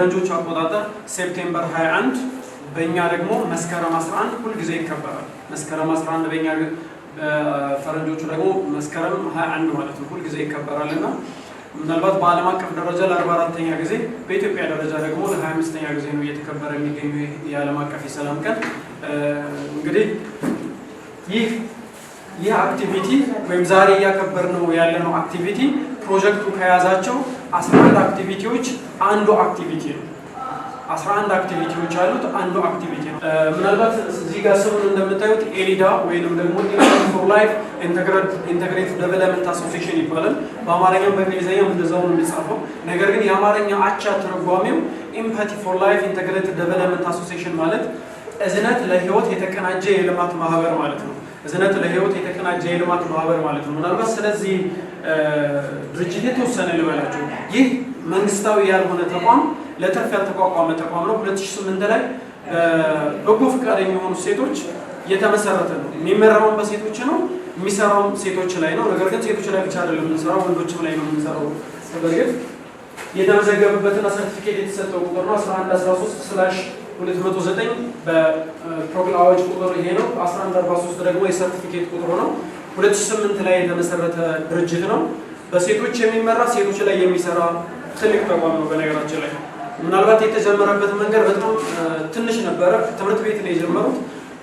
በፈረንጆች አቆጣጠር ሴፕቴምበር 21 በእኛ ደግሞ መስከረም 11 ሁልጊዜ ይከበራል። መስከረም 11 በእኛ ፈረንጆቹ ደግሞ መስከረም 21 ማለት ነው ሁልጊዜ ይከበራል እና ምናልባት በዓለም አቀፍ ደረጃ ለ44ተኛ ጊዜ በኢትዮጵያ ደረጃ ደግሞ ለ25ተኛ ጊዜ ነው እየተከበረ የሚገኙ የዓለም አቀፍ የሰላም ቀን እንግዲህ ይህ ይህ አክቲቪቲ ወይም ዛሬ እያከበር ነው ያለነው አክቲቪቲ ፕሮጀክቱ ከያዛቸው 11 አክቲቪቲዎች አንዱ አክቲቪቲ ነው። 11 አክቲቪቲዎች አሉት አንዱ አክቲቪቲ ነው። ምናልባት እዚህ ጋር ስሙን እንደምታዩት ኤሊዳ ወይንም ደግሞ ፎር ላይፍ ኢንተግሬት ደቨሎፕመንት አሶሴሽን ይባላል። በአማርኛም በእንግሊዝኛም እንደዛው ነው የሚጻፈው። ነገር ግን የአማርኛ አቻ ትርጓሜው ኢምፓቲ ፎር ላይፍ ኢንተግሬት ደቨሎፕመንት አሶሲሽን ማለት እዝነት ለህይወት የተቀናጀ የልማት ማህበር ማለት ነው። እዝነት ለህይወት የተቀናጀ የልማት ማህበር ማለት ነው። ምናልባት ስለዚህ ድርጅት የተወሰነ ልበላቸው፣ ይህ መንግስታዊ ያልሆነ ተቋም ለትርፍ ያልተቋቋመ ተቋም ነው። 2008 ላይ በጎ ፍቃድ የሚሆኑ ሴቶች የተመሰረተ ነው። የሚመራውን በሴቶች ነው፣ የሚሰራውን ሴቶች ላይ ነው። ነገር ግን ሴቶች ላይ ብቻ አይደለም የምንሰራው፣ ወንዶችም ላይ ነው የምንሰራው። በእርግጥ የተመዘገበበትና ሰርቲፊኬት የተሰጠው ቁጥር ነው 1113 ስላሽ 209 በፕሮግራም አዋጅ ቁጥር ይሄ ነው። 1143 ደግሞ የሰርቲፊኬት ቁጥሩ ነው። 2008 ላይ የተመሰረተ ድርጅት ነው። በሴቶች የሚመራ ሴቶች ላይ የሚሰራ ትልቅ ተቋም ነው። በነገራችን ላይ ምናልባት የተጀመረበት መንገድ በጣም ትንሽ ነበረ። ትምህርት ቤት ነው የጀመሩት።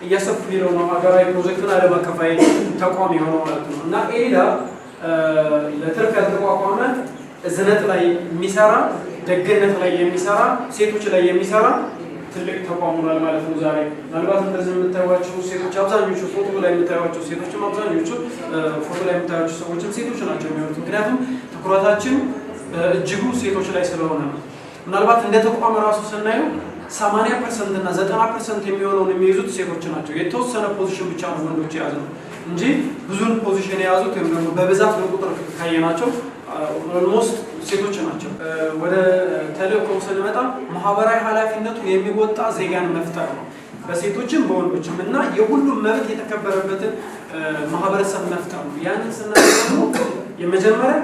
እያሰፉ ሄደው ነው ሀገራዊ ፕሮጀክትን ዓለም አቀፋዊ ተቋም የሆነው ማለት ነው እና ኤዳ ለትርፍ ያልተቋቋመ እዝነት ላይ የሚሰራ ደግነት ላይ የሚሰራ ሴቶች ላይ የሚሰራ ትልቅ ተቋም ሆኗል ማለት ነው። ዛሬ ምናልባት እንደዚህ የምታዩቸው ሴቶች አብዛኞቹ ፎቶ ላይ የምታዩቸው ሴቶችም አብዛኞቹ ፎቶ ላይ የምታዩቸው ሰዎችም ሴቶች ናቸው የሚሆኑት ምክንያቱም ትኩረታችን እጅጉ ሴቶች ላይ ስለሆነ ነው። ምናልባት እንደ ተቋም እራሱ ስናየው ሰማንያ ፐርሰንት እና ዘጠና ፐርሰንት የሚሆነውን የሚይዙት ሴቶች ናቸው። የተወሰነ ፖዚሽን ብቻ ነው ወንዶች የያዙ ነው እንጂ ብዙን ፖዚሽን የያዙት ወይም ደግሞ በብዛት በቁጥር ካየናቸው ኦልሞስት ሴቶች ናቸው። ወደ ተልእኮው ስንመጣ ማህበራዊ ኃላፊነቱ የሚወጣ ዜጋን መፍጠር ነው በሴቶችም በወንዶችም እና የሁሉም መብት የተከበረበትን ማህበረሰብ መፍጠር ነው። ያንን ስናደርገው የመጀመሪያ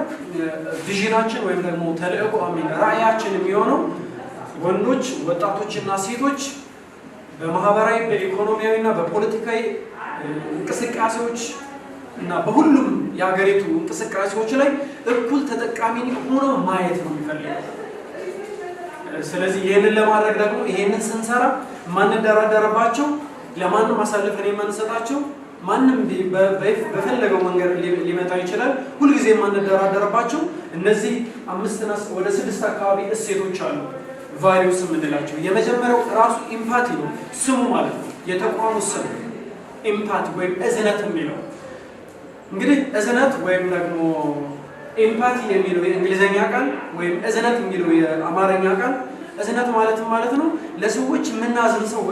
ቪዥናችን ወይም ደግሞ ተልእኮ አሚን ራእያችን የሚሆነው ወንዶች ወጣቶች ወጣቶችና ሴቶች በማህበራዊ በኢኮኖሚያዊ በኢኮኖሚያዊና በፖለቲካዊ እንቅስቃሴዎች እና በሁሉም የሀገሪቱ እንቅስቃሴዎች ላይ እኩል ተጠቃሚ ሆኖ ማየት ነው የሚፈልገው። ስለዚህ ይህንን ለማድረግ ደግሞ ይህንን ስንሰራ ማንደራደርባቸው ለማንም አሳልፈን የማንሰጣቸው ማንም በፈለገው መንገድ ሊመጣ ይችላል። ሁልጊዜ የማንደራደርባቸው እነዚህ አምስትና ወደ ስድስት አካባቢ እሴቶች አሉ ቫሪውስ የምንላቸው። የመጀመሪያው ራሱ ኢምፓቲ ነው ስሙ ማለት ነው የተቋሙ ስም ኢምፓቲ ወይም እዝነት የሚለው እንግዲህ እዝነት ወይም ደግሞ ኤምፓቲ የሚለው የእንግሊዝኛ ቃል ወይም እዝነት የሚለው የአማርኛ ቃል እዝነት ማለትም ማለት ነው ለሰዎች የምናዝን ሰው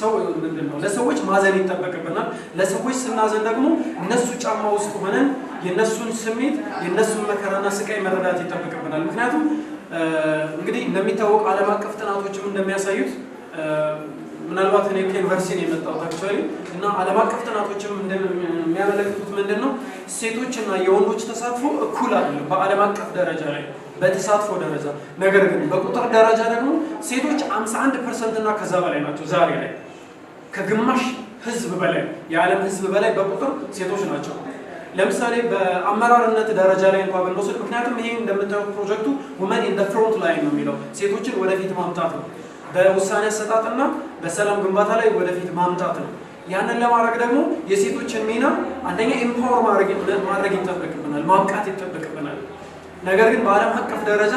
ሰው ምንድን ነው ለሰዎች ማዘን ይጠበቅብናል። ለሰዎች ስናዘን ደግሞ እነሱ ጫማ ውስጥ ሆነን የእነሱን ስሜት የእነሱን መከራና ስቃይ መረዳት ይጠበቅብናል። ምክንያቱም እንግዲህ እንደሚታወቅ አለም አቀፍ ጥናቶችም እንደሚያሳዩት ምናልባት እኔ ከዩኒቨርሲቲ ነው የመጣሁት አክቹዋሊ እና ዓለም አቀፍ ጥናቶችም የሚያመለክቱት ምንድን ነው ሴቶችና የወንዶች ተሳትፎ እኩል አይደለም በአለም አቀፍ ደረጃ ላይ በተሳትፎ ደረጃ። ነገር ግን በቁጥር ደረጃ ደግሞ ሴቶች 51 ፐርሰንት እና ከዛ በላይ ናቸው። ዛሬ ላይ ከግማሽ ህዝብ በላይ የዓለም ህዝብ በላይ በቁጥር ሴቶች ናቸው። ለምሳሌ በአመራርነት ደረጃ ላይ እንኳ ብንወስድ፣ ምክንያቱም ይሄ እንደምታዩት ፕሮጀክቱ ውመን ኢን ፍሮንት ላይ ነው የሚለው ሴቶችን ወደፊት ማምጣት ነው። በውሳኔ አሰጣጥና በሰላም ግንባታ ላይ ወደፊት ማምጣት ነው። ያንን ለማድረግ ደግሞ የሴቶችን ሚና አንደኛ ኢምፓወር ማድረግ ይጠበቅብናል፣ ማብቃት ይጠበቅብናል። ነገር ግን በዓለም አቀፍ ደረጃ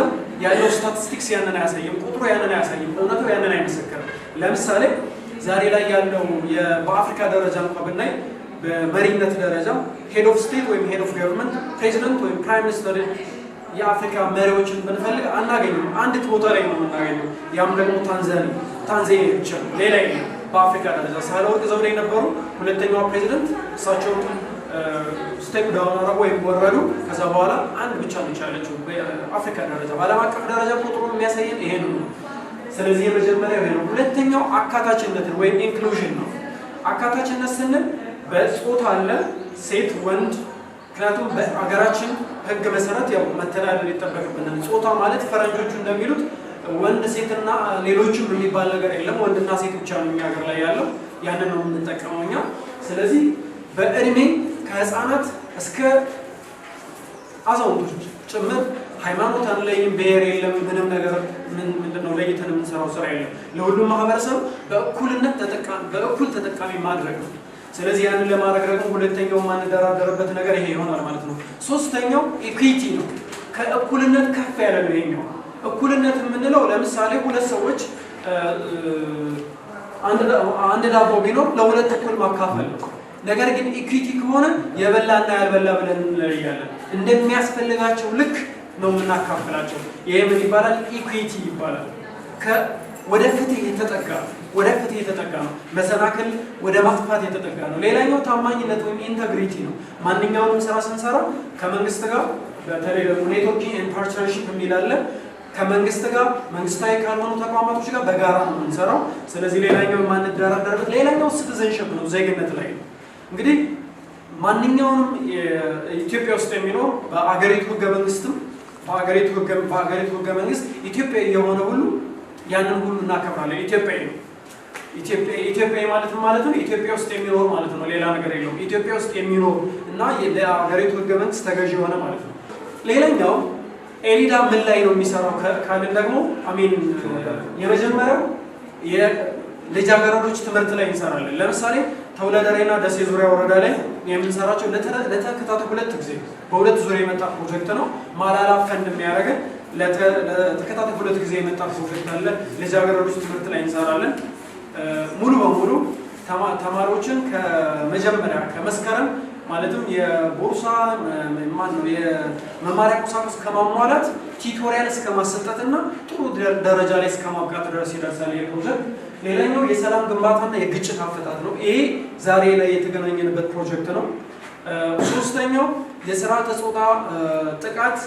ያለው ስታቲስቲክስ ያንን አያሳይም፣ ቁጥሩ ያንን አያሳይም፣ እውነቱ ያንን አይመሰክርም። ለምሳሌ ዛሬ ላይ ያለው በአፍሪካ ደረጃ እንኳ ብናይ በመሪነት ደረጃ ሄድ ኦፍ ስቴት ወይም ሄድ ኦፍ ገቨርንመንት ፕሬዚደንት ወይም ፕራይም ሚኒስተር የአፍሪካ መሪዎችን ብንፈልግ አናገኝም። አንዲት ቦታ ላይ ነው የምናገኘው። ያም ደግሞ ታንዛኒ ታንዛኒያ ብቻ ነው፣ ሌላ የለም። በአፍሪካ ደረጃ ሳህለወርቅ ዘውዴ የነበሩ ሁለተኛዋ ፕሬዚደንት እሳቸው ስቴፕ ዳውን አረጉ ወይም ወረዱ። ከዛ በኋላ አንድ ብቻ ነው የቻለችው በአፍሪካ ደረጃ። በዓለም አቀፍ ደረጃ ቁጥሩ የሚያሳየን ይሄ ነው። ስለዚህ የመጀመሪያው ይሄ ነው። ሁለተኛው አካታችነትን ወይም ኢንክሉዥን ነው። አካታችነት ስንል በጾታ አለ ሴት ወንድ ምክንያቱም በሀገራችን ህግ መሰረት ያው መተዳደር ይጠበቅብናል። ጾታ ማለት ፈረንጆቹ እንደሚሉት ወንድ ሴትና ሌሎችም የሚባል ነገር የለም። ወንድና ሴት ብቻ ነው የሚያገር ላይ ያለው፣ ያንን ነው የምንጠቀመው እኛ። ስለዚህ በእድሜ ከህፃናት እስከ አዛውንቶች ጭምር ሃይማኖት አንለይም፣ ብሔር የለም፣ ምንም ነገር ምንድነው ለይተን የምንሰራው ስራ የለም። ለሁሉም ማህበረሰብ በእኩልነት በእኩል ተጠቃሚ ማድረግ ነው። ስለዚህ ያንን ለማድረግ ደግሞ ሁለተኛው የማንደራደርበት ነገር ይሄ ይሆናል ማለት ነው። ሶስተኛው ኢኩዊቲ ነው። ከእኩልነት ከፍ ያለ ነው ይሄኛው። እኩልነት የምንለው ለምሳሌ ሁለት ሰዎች አንድ ዳቦ ቢኖር ለሁለት እኩል ማካፈል ነው። ነገር ግን ኢኩዊቲ ከሆነ የበላና ያልበላ ብለን እንለያለን። እንደሚያስፈልጋቸው ልክ ነው የምናካፍላቸው። ይሄ ምን ይባላል? ኢኩዊቲ ይባላል። ወደ ፍትህ የተጠጋ ወደ ፍትህ የተጠጋ ነው። መሰናክል ወደ ማጥፋት የተጠጋ ነው። ሌላኛው ታማኝነት ወይም ኢንተግሪቲ ነው። ማንኛውንም ስራ ስንሰራ ከመንግስት ጋር በተለይ ደግሞ ኔትወርኪንግ ኤንድ ፓርትነርሺፕ የሚላለ ከመንግስት ጋር መንግስታዊ ካልሆኑ ተቋማቶች ጋር በጋራ ነው የምንሰራው። ስለዚህ ሌላኛው የማንደራደርበት ሌላኛው ሲቲዘንሽፕ ነው፣ ዜግነት ላይ ነው። እንግዲህ ማንኛውንም ኢትዮጵያ ውስጥ የሚኖር በአገሪቱ ህገ መንግስትም በአገሪቱ ህገ መንግስት ኢትዮጵያ የሆነ ሁሉ ያንን ሁሉ እናከብራለን። ኢትዮጵያ ነው። ኢትዮጵያ ማለት ማለት ነው ኢትዮጵያ ውስጥ የሚኖር ማለት ነው። ሌላ ነገር የለውም። ኢትዮጵያ ውስጥ የሚኖር እና ለሀገሪቱ ህገ መንግስት ተገዥ የሆነ ማለት ነው። ሌላኛው ኤሊዳ ምን ላይ ነው የሚሰራው ካልን ደግሞ አሜን የመጀመሪያው የልጃገረዶች ትምህርት ላይ እንሰራለን። ለምሳሌ ተውለደሬና ደሴ ዙሪያ ወረዳ ላይ የምንሰራቸው ለተከታታይ ሁለት ጊዜ በሁለት ዙሪያ የመጣ ፕሮጀክት ነው። ማላላ ፈንድ የሚያደርገን ለተከታታይ ሁለት ጊዜ የመጣ ፕሮጀክት አለ። ልጃገረዶች ትምህርት ላይ እንሰራለን። ሙሉ በሙሉ ተማሪዎችን ከመጀመሪያ ከመስከረም ማለትም የቦርሳ ማነው የመማሪያ ቁሳቁስ ከማሟላት ቲዩቶሪያል እስከ ማሰጠትና ጥሩ ደረጃ ላይ እስከ ማብቃት ድረስ ይደርሳል ይህ ሌላኛው የሰላም ግንባታና የግጭት አፈታት ነው። ይሄ ዛሬ ላይ የተገናኘንበት ፕሮጀክት ነው። ሶስተኛው የስርዓተ ጾታ ጥቃት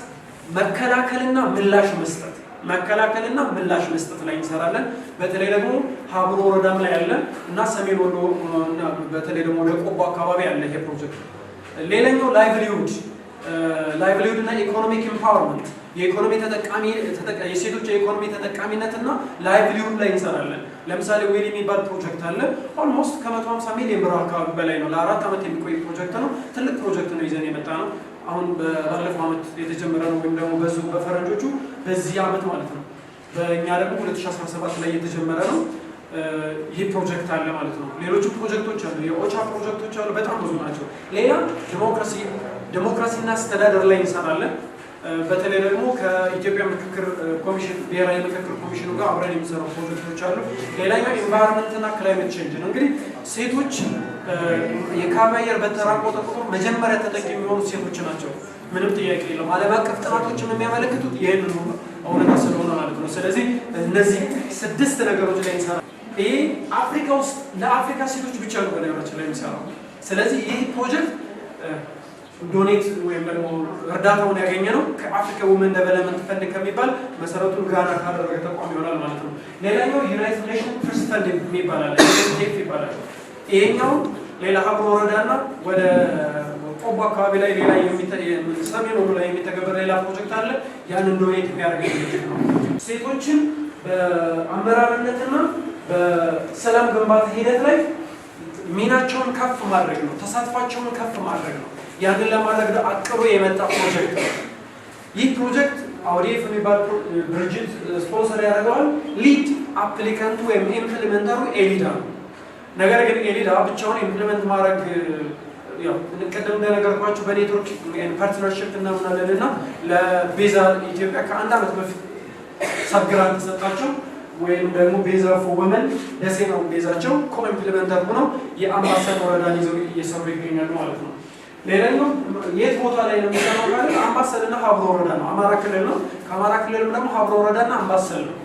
መከላከልና ምላሽ መስጠት መከላከልና ምላሽ መስጠት ላይ እንሰራለን። በተለይ ደግሞ ሀብሮ ወረዳም ላይ ያለ እና ሰሜን ወሎ በተለይ ደግሞ ለቆቦ አካባቢ ያለ ይሄ ፕሮጀክት። ሌላኛው ላይቭሊሁድ ላይቭሊሁድ እና ኢኮኖሚክ ኢምፓወርመንት የኢኮኖሚ ተጠቃሚ የሴቶች የኢኮኖሚ ተጠቃሚነትና ላይቭሊሁድ ላይ እንሰራለን። ለምሳሌ ዌል የሚባል ፕሮጀክት አለ። ኦልሞስት ከመቶ 150 ሚሊዮን ብር አካባቢ በላይ ነው። ለአራት ዓመት የሚቆይ ፕሮጀክት ነው። ትልቅ ፕሮጀክት ነው ይዘን የመጣ ነው። አሁን ባለፈው ዓመት የተጀመረ ነው ወይም ደግሞ በዙ በፈረንጆቹ በዚህ ዓመት ማለት ነው። በእኛ ደግሞ 2017 ላይ የተጀመረ ነው። ይህ ፕሮጀክት አለ ማለት ነው። ሌሎቹ ፕሮጀክቶች አሉ፣ የኦቻ ፕሮጀክቶች አሉ። በጣም ብዙ ናቸው። ሌላ ዲሞክራሲ ዲሞክራሲና አስተዳደር ላይ እንሰራለን። በተለይ ደግሞ ከኢትዮጵያ ምክክር ኮሚሽን ብሔራዊ ምክክር ኮሚሽኑ ጋር አብረን የሚሰሩ ፕሮጀክቶች አሉ። ሌላኛው ኤንቫይሮንመንትና ክላይሜት ቼንጅ ነው። እንግዲህ ሴቶች የካባቢ አየር በተራቆተ ቁጥር መጀመሪያ ተጠቂ የሚሆኑ ሴቶች ናቸው። ምንም ጥያቄ የለውም። ዓለም አቀፍ ጥናቶች የሚያመለክቱት ይህንን እውነታ ስለሆነ ማለት ነው። ስለዚህ እነዚህ ስድስት ነገሮች ላይ ይሰራል። ይህ አፍሪካ ውስጥ ለአፍሪካ ሴቶች ብቻ ነው በነገራችን ላይ የሚሰራው። ስለዚህ ይህ ፕሮጀክት ዶኔት ወይም ደግሞ እርዳታውን ያገኘ ነው ከአፍሪካ ውመን ደቨሎፕመንት ፈንድ ከሚባል መሰረቱን ጋና ካደረገ ተቋም ይሆናል ማለት ነው። ሌላኛው ዩናይትድ ኔሽን ትርስ ፈንድ የሚባላል ይባላል ይባላል። ይሄኛው ሌላ ሀብሮ ወረዳና ወደ ቆቦ አካባቢ ላይ ሌላ ሰሜን ወሎ ላይ የሚተገበር ሌላ ፕሮጀክት አለ። ያንን ዶኔት የሚያደርገ ነው። ሴቶችን በአመራርነትና በሰላም ግንባታ ሂደት ላይ ሚናቸውን ከፍ ማድረግ ነው። ተሳትፏቸውን ከፍ ማድረግ ነው። ያንን ለማድረግ አቅሮ የመጣ ፕሮጀክት ነው። ይህ ፕሮጀክት አውዴፍ የሚባል ድርጅት ስፖንሰር ያደርገዋል። ሊድ አፕሊካንቱ ወይም ኢምፕሊመንተሩ ኤሊዳ ነው። ነገር ግን ኤሊዳ ብቻውን ኢምፕሊመንት ማድረግ እንቀደም እንደነገርኳቸው በኔትወርክ ፓርትነርሽፕ እናምናለን እና ለቤዛ ኢትዮጵያ ከአንድ ዓመት በፊት ሰብግራ ተሰጣቸው ወይም ደግሞ ቤዛ ፎ ወመን ደሴ ነው ቤዛቸው ኮኢምፕሊመንተር ሆነው የአምባሰል ወረዳን ይዘው እየሰሩ ይገኛሉ ማለት ነው። ሌላኛው የት ቦታ ላይ ነው የሚሰራው ካለ አምባሰልና ሀብሮ ወረዳ ነው። አማራ ክልል ነው። ከአማራ ክልልም ደግሞ ሀብሮ ወረዳና አምባሰል ነው።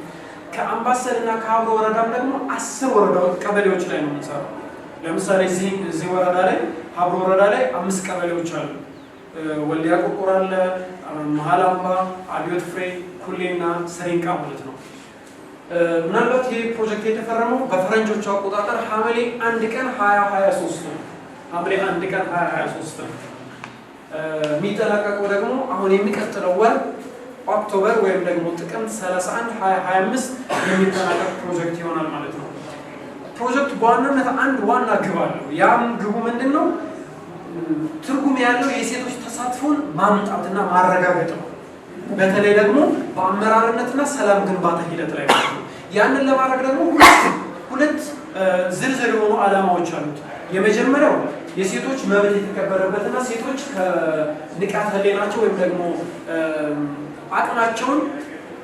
ከአምባሰልና ከሀብሮ ወረዳም ደግሞ አስር ወረዳ ቀበሌዎች ላይ ነው የምንሰራው። ለምሳሌ እዚህ ወረዳ ላይ ሀብሮ ወረዳ ላይ አምስት ቀበሌዎች አሉ። ወልዲያ ቁቁር አለ፣ መሀል አምባ፣ አብዮት ፍሬ፣ ኩሌና ሰሪንቃ ማለት ነው። ምናልባት ይህ ፕሮጀክት የተፈረመው በፈረንጆቹ አቆጣጠር ሐምሌ አንድ ቀን ሀያ ሀያ ሶስት ነው ሐምሌ አንድ ቀን ሀያ ሀያ ሶስት ነው የሚጠናቀቀው ደግሞ አሁን የሚቀጥለው ወር ኦክቶበር ወይም ደግሞ ጥቅምት 31 2025 የሚጠናቀቅ ፕሮጀክት ይሆናል ማለት ነው። ፕሮጀክት በዋናነት አንድ ዋና ግብ አለው። ያም ግቡ ምንድን ነው? ትርጉም ያለው የሴቶች ተሳትፎን ማምጣትና ማረጋገጥ ነው። በተለይ ደግሞ በአመራርነትና ሰላም ግንባታ ሂደት ላይ ማለት ነው። ያንን ለማድረግ ደግሞ ሁለት ዝርዝር የሆኑ ዓላማዎች አሉት። የመጀመሪያው የሴቶች መብት የተከበረበትና ሴቶች ከንቃት ህሌናቸው ወይም ደግሞ አቅማቸውን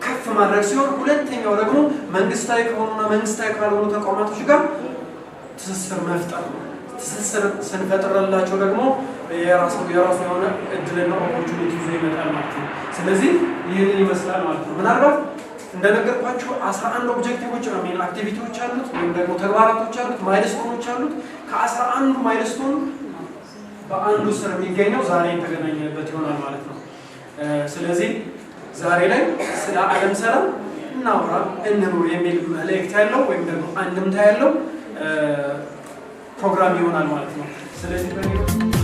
ከፍ ማድረግ ሲሆን ሁለተኛው ደግሞ መንግስታዊ ከሆኑና መንግስታዊ ካልሆኑ ተቋማቶች ጋር ትስስር መፍጠር ነው። ትስስር ስንፈጥረላቸው ደግሞ የራሱ የራሱ የሆነ እድልና ኦፖርቹኒቲ ይዞ ይመጣል ማለት ነው። ስለዚህ ይህንን ይመስላል ማለት ነው ምናልባት እንደነገርኳችሁ አስራ አንድ ኦብጀክቲቮች ነው ሜን አክቲቪቲዎች አሉት ወይም ደግሞ ተግባራቶች አሉት ማይልስቶኖች አሉት። ከአስራ አንዱ ማይልስቶን በአንዱ ስር የሚገኘው ዛሬ የተገናኘበት ይሆናል ማለት ነው። ስለዚህ ዛሬ ላይ ስለ አለም ሰላም እናውራ እንኑር የሚል መልእክት ያለው ወይም ደግሞ አንድምታ ያለው ፕሮግራም ይሆናል ማለት ነው። ስለዚህ